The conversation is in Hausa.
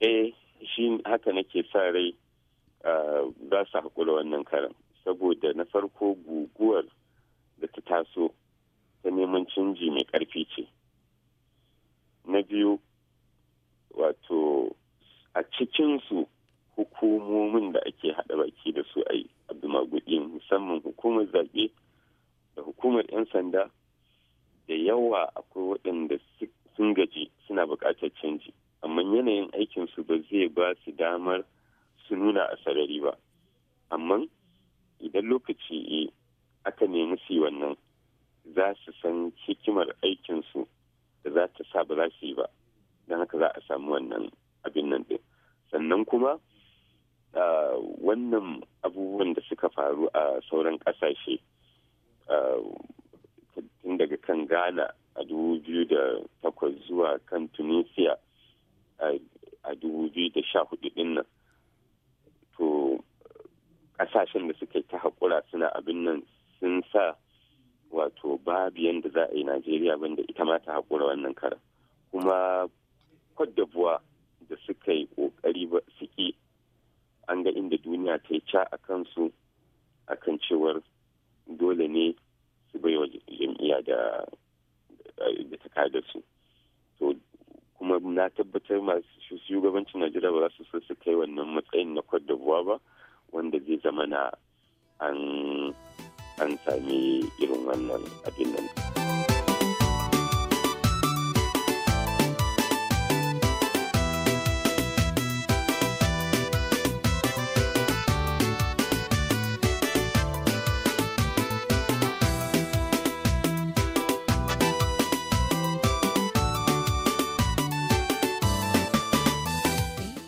eh shi haka nake sa rai za su haƙura wannan karan saboda na farko guguwar da ta taso ta neman canji mai ƙarfi ce na biyu wato a cikinsu hukumomin da ake haɗa baki da su a yi abdumagudi musamman hukumar zaɓe da hukumar 'yan sanda da yawa akwai waɗanda sun gaji suna buƙatar canji aikinsu ba zai ba su damar su nuna a sarari ba amma idan lokaci aka nemi su wannan za su san hikimar aikinsu da za ta sa ba za su yi ba don haka za a samu wannan abin nan din sannan kuma wannan abubuwan da suka faru a sauran kasashe tun daga kan ghana a 2008 zuwa kan tunisia da hudu din nan to kasashen da suka ta hakura suna abin nan sun sa wato babu yadda za a yi najeriya banda ita ma ta hakura wannan karan kuma kwadabuwa da suka yi ƙoƙari ba suke an ga inda duniya ta yi ca a kansu akan cewar dole ne su bai wa jam'iyya da ta kada su na tabbatar masu shugabancin najeriya ba za su so su kai wannan matsayin na cote buwa ba wanda zai zama na an sami irin wannan abin nan.